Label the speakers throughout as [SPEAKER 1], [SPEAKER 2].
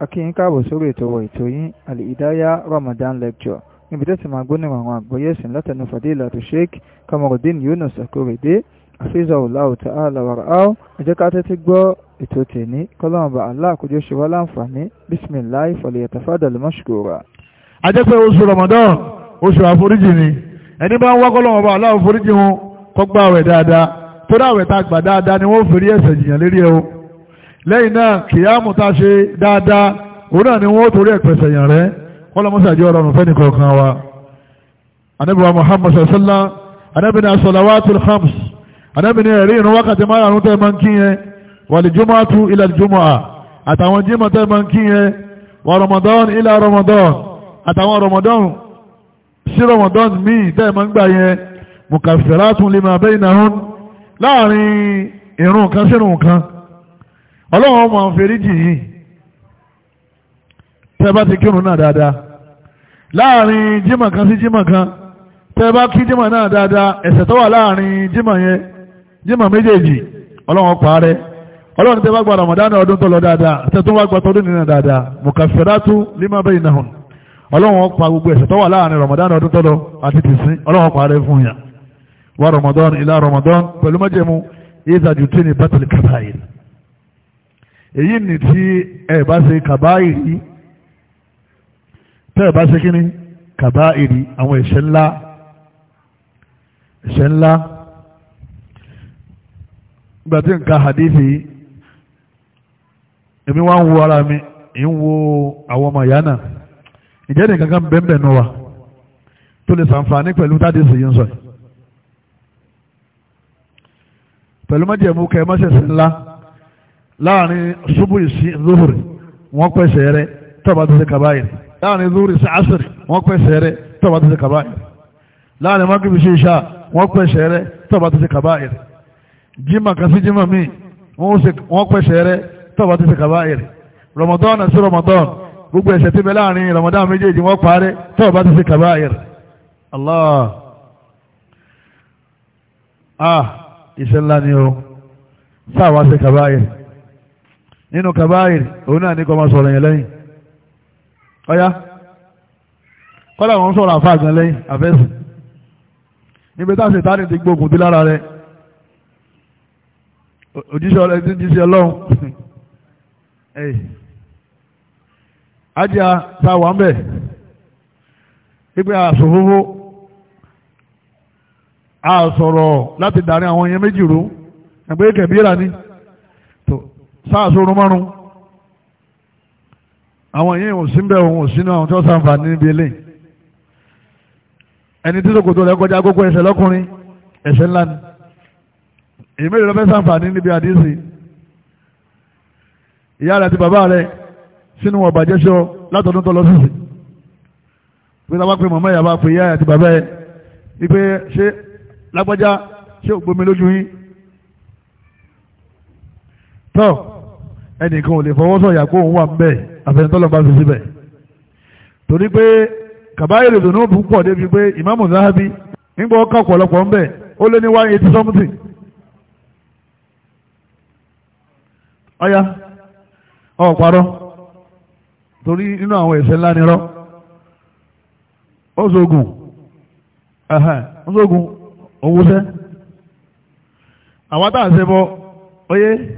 [SPEAKER 1] akíyín káàbọ̀ sórí ètò wa ètò yín àlìdáyà Ramadan lecture níbi tó ti máa gbóníwọ̀n àwọn àgbọ́yé ẹ̀sìn látẹnu fadilatu Sheikh Kamarudin Yunus Akorede afizahullahu ta'ala wara'ahu ẹ jẹ́ ká tẹ́tí gbọ́ ètò tèmi kọ́lọ́mọba Allah kó jẹ́ ṣe wá láǹfààní bisimilahi falyatafadal mashkura. a jẹ́ pé oṣù Ramadan oṣù àforíjì ni ẹni bá ń wá kọ́lọ́mọba Allah lẹ́yìn náà kìyàmù tá a ṣe dáadáa òun náà ni wọ́n torí ẹ̀pẹ̀sẹ̀ yàn rẹ̀ kọ́lọ́mọ́sàájú ọ̀rọ̀ ọ̀rùn fẹ́ni kọ̀ọ̀kan wa anábìwá muhammad sallallahu anábì ní asọ̀làwàtú hams anábì ní ẹ̀rí ìrún wákàtí márùn-ún tẹ́ máa ń kí yẹn wà lè jùmọ̀ àtú ilẹ̀ jùmọ̀ à àtàwọn jímọ̀ tẹ́ máa ń kí yẹn wà ramadan ilẹ̀ ramadan àtàwọn ramadan sí ọlọ́run ọmọ àǹfẹ̀ríjì yìí tẹ́ bá ti kírun náà dáadáa láàrin kan sí kan tẹ́ bá kí jímọ̀ náà dáadáa tó wà láàrin jímọ̀ yẹn jímọ̀ méjèèjì ọlọ́run parẹ́ ọlọ́run tẹ́ bá gba Ramadan ọdún tó lọ dáadáa tẹ́ tó wá gba tọdún nínú dáadáa lima ọlọ́run pa gbogbo tó wà láàrin Ramadan ọdún tó lọ àti tìsín ọlọ́run parẹ́ fún yà wá Ramadan ilá Ramadan pẹ̀lú èyí ni tí ẹ bá ṣe kàbáìrí tẹ́ ẹ bá ṣe kíní kàbáìrí àwọn ẹ̀ṣẹ̀ ńlá ẹ̀ṣẹ̀ ńlá nígbà nǹkan hadithi èmi wá ń wo ara mi ń wo àwọn ọmọ ìyá náà ìjẹ́ nìkan kan bẹ́ẹ̀ bẹ́ẹ̀ nù wa tó lè ṣàǹfààní pẹ̀lú táde sì yín sọ pẹ̀lú mọ́jẹ̀mú kẹ́ mọ́ṣẹ̀ṣẹ̀ ńlá láàrin ṣubú sí zuhuri wọ́n pẹ̀sẹ̀ rẹ tọ́ba tó ṣe kàbáyìí láàrin zuhuri sí asiri wọ́n pẹ̀sẹ̀ rẹ tọ́ba tó ṣe kàbáyìí láàrin magribi sí iṣá wọ́n pẹ̀sẹ̀ rẹ tọ́ba tó ṣe kàbáyìí jimá kan sí jimá míì wọ́n pẹ̀sẹ̀ rẹ tọ́ba tó ṣe kàbáyìí ramadan sí ramadan gbogbo ẹ̀ṣẹ̀ tí bẹ láàrin ramadan méjèèjì wọ́n parẹ́ tọ́ba kàbáyìí allah ah iṣẹ́ ni o sáà kàbáyìí nínú kabáyìí òun náà ní kọ́ máa sọ̀rọ̀ yẹn lẹ́yìn ọ̀yá kọ́lá wọn sọ̀rọ̀ àfa gan lẹ́yìn àfẹ́sì níbi tá a ṣe tánì ti gbógun dí lára rẹ òjíṣẹ́ ọlọ́run ti jíṣẹ́ ọlọ́run ajá tá a wà ń bẹ̀ pípẹ́ àṣòfófó a sọ̀rọ̀ láti darí àwọn yẹn méjì rú ẹ̀gbẹ́ kẹ̀bíra ni sáàsórun márùn àwọn yìí ò sí bẹ́ẹ̀ òun ò sínú àwọn tí wọ́n sàǹfààní níbi eléyìí ẹni tí sòkòtò rẹ̀ kọjá gbogbo ẹsẹ̀ lọ́kùnrin ẹsẹ̀ ńlá ni èyí mélòó ló fẹ́ sàǹfààní níbi àdísì ìyá rẹ̀ àti bàbá rẹ̀ sínú ọ̀bàjẹ́sọ látọ̀dún tó lọ sísì pé tá a bá pe màmá ìyá bá àti bàbá ẹ̀ wípé ṣé lágbájá ṣé ògbómi lójú yín tọ́. ẹnìkan ò lè fọwọ́ sọ̀yà kó òun wà ń bẹ̀ àfẹnitọ́lọ́ bá fi síbẹ̀ torí pé kàbáyèrè ìdùnnú púpọ̀ débi pé ìmáàmù záhábí nígbà ọkà ọ̀pọ̀lọpọ̀ ń ó lé ní one eighty something torí nínú àwọn ńlá ni rọ́ ọ̀ṣọ́gun ọ̀ṣọ́gun òwúṣẹ́ àwọn táà ń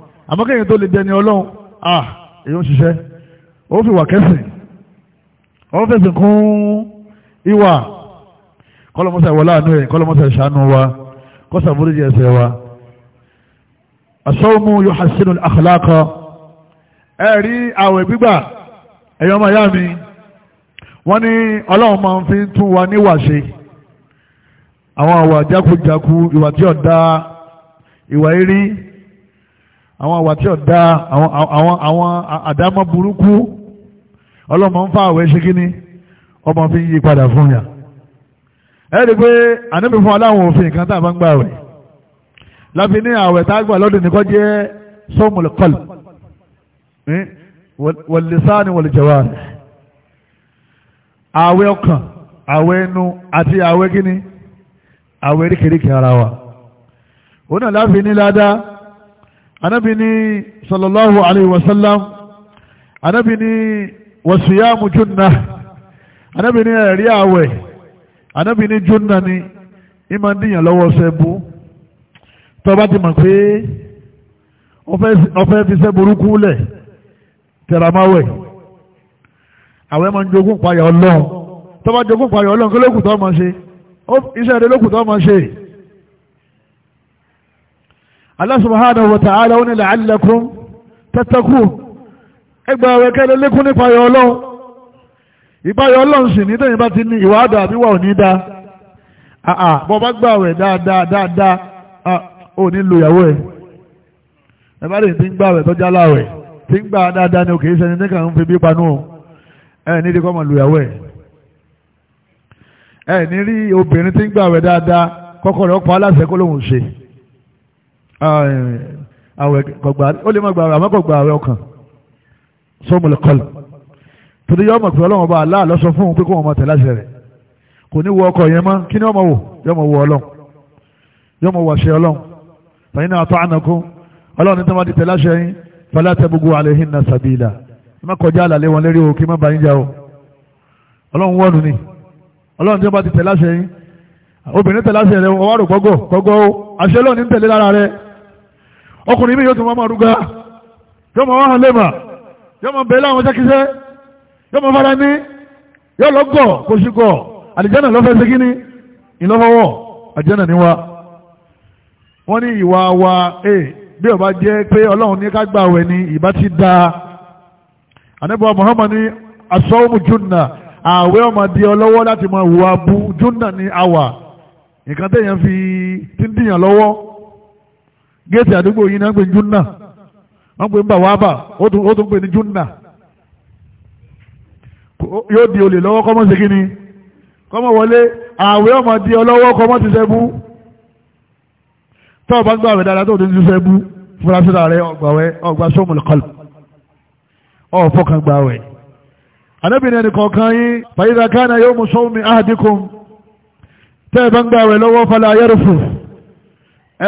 [SPEAKER 1] àmọ́ kéèyàn tó lè dẹni ọlọ́run ah èyí ń ṣiṣẹ́ ó fi wà kẹsìn ó fẹsẹ̀ kún ìwà kọ́lọ́mọ́sà ìwọ láàánú ẹ̀ kọ́lọ́mọ́sà ìṣàánú wa kọ́sà foríjì ẹ̀ṣẹ̀ wa asọ́mu yuhassinu al-akhlaqa ẹ̀rí àwẹ̀ gbígbà ẹ̀yọ́ ọmọ ìyá mi wọ́n ní ọlọ́run máa ń fi tún wa níwà ṣe àwọn àwà jákujàku ìwà tí ọ̀dá ìwà irí àwọn àwà tí ọ̀dá àwọn àdámọ́ burúkú ọlọ́mọ ń fa àwẹ̀ ṣe kí ni ọmọ fi ń yí padà fún yà ẹ̀rí pé ànábì fún aláwọn òfin kan tá a bá ń gbà wẹ̀ láfi ní àwẹ̀ tá a gbà lọ́dún nìkan jẹ́ sọ́mùlù kọlù wọ̀lẹ̀sáni wọ̀lẹ̀jẹ̀wà rẹ̀ àwẹ̀ ọkàn àwẹ̀ ẹnu àti àwẹ̀ kíni àwẹ̀ eríkèéríkèé ara wa òun náà láfi ní ládàá anábì ní sallallahu alayhi wa sallam anábì ní wasiyamu junna anábì ní ẹ̀rí àwẹ̀ anábì ní junna ni ìmọ̀ díyàn lọ́wọ́ sẹ́bù tó bá ti mọ̀ pé ọfẹ́ fi sẹ́ burúkú lẹ̀ tẹ̀ramáwẹ̀ àwẹ̀ máa ń jogún payọ̀ ọlọ́run tó jogún payọ̀ ọlọ́run kí lókùtọ́ máa ṣe iṣẹ́ rẹ̀ lókùtọ́ máa ṣe Allah subhanahu wa ta'ala ó ní la'allakum tattaqun ẹgbàwẹ̀ kẹ́lẹ́ lékún nípa ayọ̀ ọlọ́run ìbáyọ̀ ọlọ́run sì ní tẹ̀yìn bá ti ní ìwádà àbíwá ò ní dá àà bọ́ bá gbàwẹ̀ dáadáa dáadáa ò ní lo ìyàwó ẹ̀ ẹ bá lè ti ń gbàwẹ̀ tọ́jà láwẹ̀ ti ń gbà dáadáa ni òkè sẹni ní ń fi bí panú ẹ ní ti kọ́ mọ̀ ìyàwó ẹ̀ ẹ ní rí obìnrin ti ń gbàwẹ̀ dáadáa kọ́kọ́ rẹ̀ ọkọ̀ aláṣẹ kó lóun ṣe Ah, eh, eh, àwẹ̀ kọ̀gbà ó lè má gba àwẹ̀ àmọ́ kọ̀gbà àwẹ̀ ọkàn sọ́mùlẹ̀ kọlù torí yọ́ mọ̀ pé ọlọ́run ọba aláà lọ́sọ fún òun pé kó wọn máa tẹ̀lé àṣẹ rẹ̀ kò ní wọ ọkọ̀ yẹn mọ́ kí ni ọmọ wò yọ́ mọ̀ wọ ọlọ́run yọ́ mọ̀ wọ àṣẹ ọlọ́run fàyín náà tọ́ ànàkún ọlọ́run ní tọ́mọ́ ti tẹ̀lé àṣẹ yín tẹ gbogbo àlẹ́ hìn sàbílà ẹ má kọjá àlàlẹ́ wọn lérí o kí má ba yín o ọlọ́run wọ́nu ni ọlọ́run ní tẹ̀lé ọkùnrin mi yóò tún máa rúgá yóò máa wá hàn lẹ́mà yóò máa bẹ̀rẹ̀ àwọn jákíṣẹ́ yóò máa fara ní yóò lọ́gọ̀ kò sí gọ̀ àlìjánà lọ́fẹ́ sí kíní ìlọ́fọwọ́ àjánà ni wa wọ́n ní ìwà wa ẹ bí ọba jẹ́ pé ọlọ́run ní ká gbà wẹ̀ ni ìbá ti da anábọ̀ Muhammad ní asọ́wọ́mù júnà ààwẹ̀ ọmọ di ọlọ́wọ́ láti máa wù abú júnà ní àwà nǹkan téèyàn fi ti ń dìyàn lọ́wọ́ géètì àdúgbò yìí náà ń pè ní júnà wọ́n pè ní bàwábà ó tún pè ní júnà yóò di olè lọ́wọ́ kọ́mọ́ ṣe kíni kọ́mọ́ wọlé ààwẹ̀ ọmọ di ọlọ́wọ́ kọ́mọ́ ti ṣẹ́bú tọ́ ọ bá gbọ́ àwẹ̀ dáadáa tó ti ti ṣẹ́bú fúra síra rẹ ọgbàwẹ́ ọgbà sọ́mùlù kọlù ọ̀fọ́kàn gbàwẹ̀ anábìnrin ẹnì kọ̀ọ̀kan yín fàyídà kánà yóò mú sọ́mù ahadikum tẹ́ ẹ bá ń gbàwẹ̀ lọ́wọ́ fala yẹ́rù fún un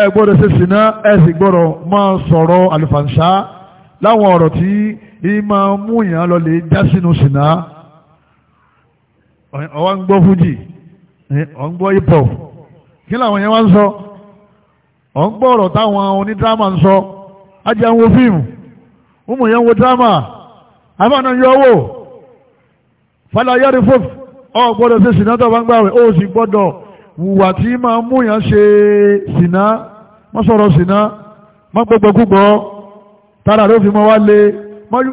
[SPEAKER 1] ẹ gbọdọ ṣe sìná ẹ gbọ́dọ̀ máa sọ̀rọ̀ láwọn ọ̀rọ̀ tí í máa mú yàn lọ já sínú sìná ọwọ́ ń gbọ́ fújì ọ̀ ń gbọ́ hip-hop kí làwọn yẹn wá ń sọ ọ̀ ń gbọ́ ọ̀rọ̀ táwọn onídírámà ń sọ ajá ń wo fíìmù ọmọ yẹn ń wo dírámà àbáná yọ owó fàlàyé rí fòf ọ̀ gbọ́dọ̀ ṣe tó bá ń wùwà tí máa mú yàn ṣe sìná má sọ̀rọ̀ sìná fi mọ́ wá lé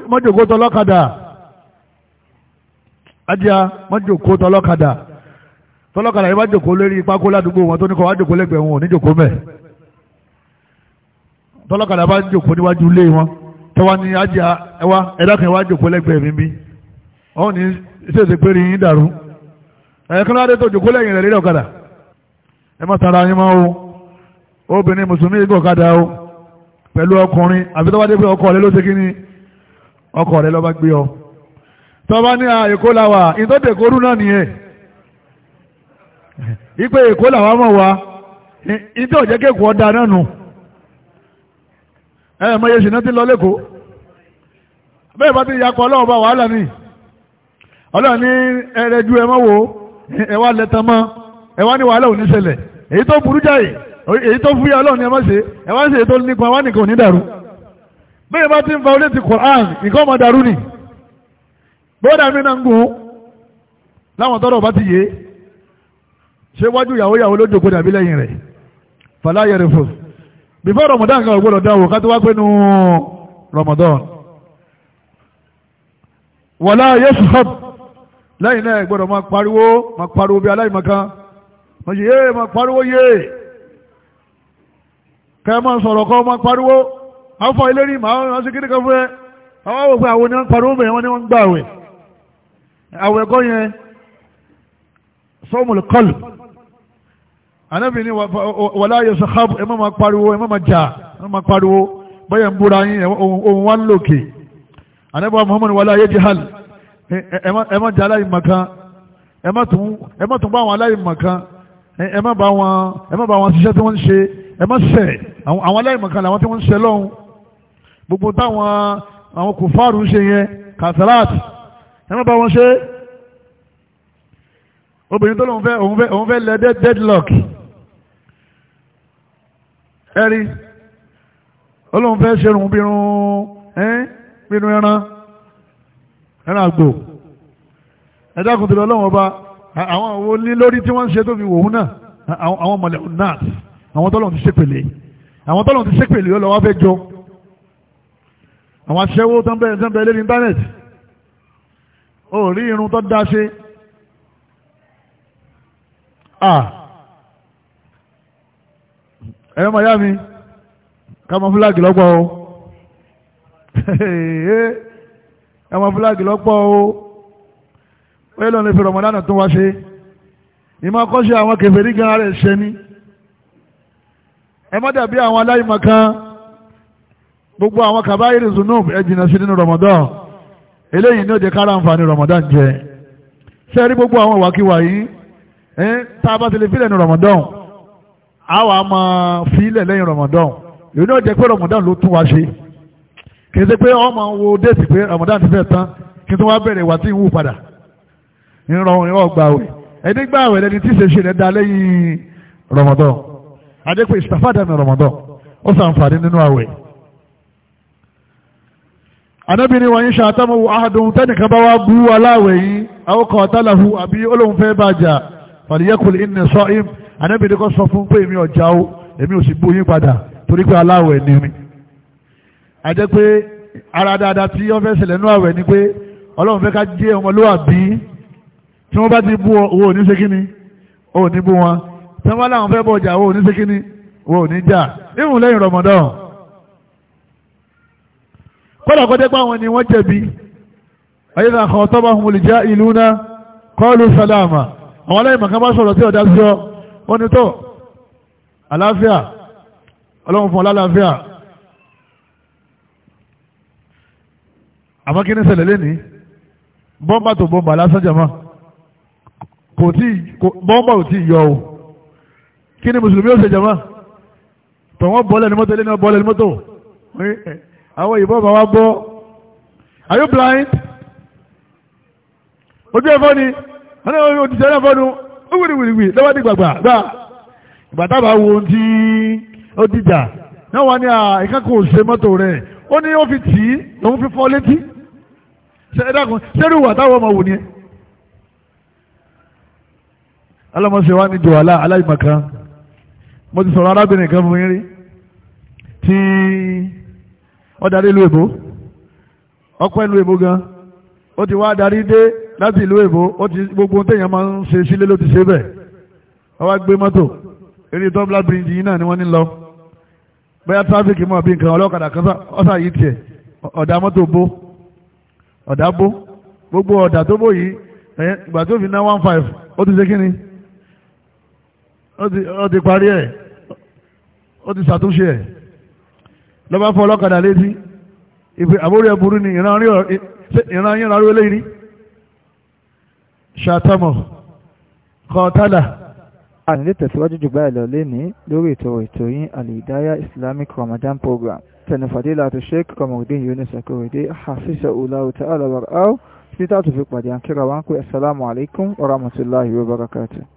[SPEAKER 1] mọ́jòkó tọlọ́kadà ajá mọ́jòkó tọlọ́kadà tọlọ́kadà yìí jòkó lórí pákó ládùúgbò wọn tó ní kọ́ wá jòkó lẹ́gbẹ̀ẹ́ wọn ò ní jòkó mẹ́ tọlọ́kadà bá jòkó ajá ẹwà kan wá jòkó lẹ́gbẹ̀ẹ́ mi bí ní ṣèṣe pé rí yín dàrú ẹ̀ẹ́kan tó ẹ má tara yín mọ́ o obìnrin mùsùlùmí gò kadà o pẹ̀lú ọkùnrin àfi tọ́wọ́ dé pé ọkọ rẹ ló ṣe kíni ọkọ rẹ lọ́ba gbé ọ tọ́ba ní èkó la wà ìtọ́tẹ̀ kórú náà nìyẹn ipe èkó làwọn mọ̀ wá ìtọ́ òjẹ́ kéèkó ọ̀dà náà nù ẹ mọ iye ṣìnà tí ń lọ lẹ́kọ̀ọ́ bẹ́ẹ̀ bá ti yakọ̀ ọlọ́run bá wàhálà ní ọlọ́run ní ẹrẹ́jú ẹ mọ́ wo ẹ wá lẹ́tàn mọ́ ẹ wá ní wàhálà ò ní ṣẹlẹ̀ èyí tó burú jáì èyí tó fúyà ọlọ́run ni ẹ má ṣe ẹ wá ń ṣe èyí tó nípa wá nìkan ò dàrú bẹ́ẹ̀ bá ti ń fa olétí Quran nǹkan ọmọ dàrú ni bọ́dà mi náà ń gùn láwọn tọ́rọ̀ bá ti yé ṣé wájú yàwó yàwó ló jòkó dàbí lẹ́yìn rẹ̀ fàlàyé rẹ̀ fò bífọ́ Ramadan kan ọ̀gbọ́dọ̀ dáwò ká tó wá pé nu Ramadan wọ̀lá yéṣù hub lẹ́yìn náà gbọ́dọ̀ máa pariwo máa pariwo bí aláìmọ̀kan wọ́n ṣe yéè máa pariwo yéè kẹ́ máa sọ̀rọ̀ kọ́ máa pariwo máa fọ ilé rí màá wọ́n ṣe kíni kan fún ẹ àwọn wò pé àwọn ni wọ́n pariwo bẹ̀rẹ̀ wọ́n ni wọ́n gbà àwẹ̀ àwẹ̀ kọ́ yẹn sọ́mùlù kọ́lù anábì ni wàlá yẹsọ hábù ẹ má máa pariwo ẹ má máa jà ẹ má máa pariwo bọ́yẹ̀ ń búra yín ohun wa ń lòkè anábì wa muhammadu wàlá yẹ jihal ẹ má jà aláìmọ̀kan ẹ má tún bá àwọn aláìmọ̀kan ẹ má bá wọn ẹ má bá wọn ṣiṣẹ́ tí wọ́n ń ṣe ẹ má ṣẹ̀ àwọn aláìmọ̀kan làwọn tí wọ́n ń ṣe lọ́hùn gbogbo táwọn àwọn kòfáàrù ń ṣe yẹn kàtàláàtì ẹ má bá wọn ṣe obìnrin tó lóun fẹ́ òun fẹ́ òun fẹ́ lẹ deadlock ẹ̀rí olóun fẹ́ ṣerun bírun ẹ́n ẹran ẹran àgbò ẹ̀dá kùtùlọ́ lọ́wọ́ ọba àwọn wo ní lórí tí wọ́n ń ṣe tó fi wòun náà àwọn mọ̀lẹ́ náà àwọn tọ́lọ̀ ti ṣépèlè àwọn tọ́lọ̀ ti ṣépèlè ó lọ́wọ́ fẹ́ jọ àwọn aṣẹ́wó tó ń bẹ̀rẹ̀ tó ń bẹ̀rẹ̀ lórí íńtánẹ́ẹ̀tì ó rí irun tó dá ṣe ẹ̀rọ màyá mi kámọ́ fúláàgì lọ́pọ̀ o ẹ̀mọ́ fúláàgì lọ́pọ̀ o bẹ́ẹ̀ lọ́nà ìfẹ́ rọmọdánà tó wá ṣe ìmọ̀ kọ́ṣe àwọn kẹfẹ́rí gan rẹ̀ ṣe ní ẹ má dàbí àwọn aláìmọ̀kan gbogbo àwọn kàbáyìrì zunub ẹ jìnnà sí nínú rọmọdán eléyìí ní ó jẹ́ kára àǹfààní rọmọdán jẹ ṣe rí gbogbo àwọn ìwàkiwà yìí tá a bá ti lè fílẹ̀ ní rọmọdán a wà á máa fílẹ̀ lẹ́yìn rọmọdán èyí ní ó pé rọmọdán ló tún wá ṣe kì í ṣe pé ọmọ wo déètì pé rọmọdán ti fẹ́ tán kí tó wá bẹ̀rẹ̀ ìwà tí ń wù padà ìrọ̀rùn ìwọ̀ gbàwẹ̀ ẹni gbàwẹ̀ lẹni tí ìṣeṣe rẹ̀ da lẹ́yìn rọmọdán adékò ìṣàfàdà ní rọmọdán ó sàǹfààní nínú àwẹ̀. anábìnrin wọ̀nyí ṣàtàmù ahadùn tẹ́nìkan bá wá bú aláwẹ̀ yìí àwòkọ̀ ọ̀tàlàhù àbí olóhùn fẹ́ bàjá fàlìyẹ́kùn ìnì sọ́ìm anábìnrin kan sọ fún pé èmi ọ̀já o èmi ò sì bú yín padà torí pé aláwẹ̀ ni mi. àjẹ́ pé ara dáadáa tí wọ́n fẹ́ ṣẹlẹ̀ nínú àwẹ̀ ni pé ọlọ́run fẹ́ ká jẹ́ ọmọlúwàbí tí wọ́n bá ti bú owó òní ṣe kíni owó òní bú wọn tí wọ́n bá láwọn fẹ́ bọ̀ ọjà owó òní ṣe kíni owó òní jà ìhùn lẹ́yìn rọmọdán kọ́lá kọ́dé ni wọ́n jẹ̀bi ayélujára kan tọ́ba ohun olùjá ìlú náà kọ́ọ̀lù sálámà àwọn aláìmọ̀ kan bá sọ̀rọ̀ tí ọ̀dá sí ó ní tó àlàáfíà ọlọ́run fún ọlálàáfíà àmọ́ kí ní ṣẹlẹ̀ lẹ́ni bọ́mbà tó bọ́mbà lásán jẹ̀mọ́ kò tí bọ́ọ̀bọ̀ tí yọ o kí ni mùsùlùmí ó ṣe jàmá tọ̀wọ́n bọ́ọ̀lẹ̀ ní mọ́tò lẹ́nu bọ́ọ̀lẹ̀ ní mọ́tò eh, àwọn ìbọn bá wá bọ́ are you blind ojú ẹ̀fọ́ ni wọ́n náà ó ti sẹ́yìn ẹ̀fọ́ nu ó wìrìwìrìwì lọ́wọ́ ní gbàgbà gbà ìgbà tábà wo ohun tí ó dìjà náà wà ní ìkákò ṣe mọ́tò rẹ̀ ó ní ó fi tì í lòun fi fọ́ létí ṣe é dákun ṣé wà táwọn ọmọ wò ni alámọ̀sẹ̀ wa ní jọ̀wálá aláìmọ̀kan mo ti sọ̀rọ̀ arábìnrin kan fún yín tí wọ́n darí ìlú èbó ọpẹ́ ìlú èbó gan ó ti wá darí dé láti ìlú èbó ó ti gbogbo téèyàn máa ń ṣe sílé ló ti ṣe bẹ́ẹ̀ wọ́n wá gbé mọ́tò eré tọ́bla bíríjì yìí náà ni wọ́n ní lọ bóyá tráfíkì mọ̀ bí nǹkan ọlọ́kadà kan ọ̀sà yìí tiẹ̀ ọ̀dà mọ́tò bó ọ̀dà bó gbogbo ọ̀dà tó bó yìí ìgbà tó fi ná one five ó ti ṣe kí ni ó ti parí ẹ̀ ó ti ṣàtúnṣe ẹ̀ lọ́ba fọ́ ọlọ́kadà létí ìpè àbórí ẹ̀ ni ìran yín rárí eléyìí rí ṣàtọ́mọ̀ kọ́tálà. a nílé tẹ̀síwájú jù báyìí lọ lénìí lórí ètò ètò yín alìdáyà islamic ramadan program tẹ̀lé fadila tó sheik kọmọdún yunus akorede hafiza ulawu ta'ala warau títà tó fi pàdé àkírà wọn pé assalamu alaikum wa rahmatullahi wa barakatuh.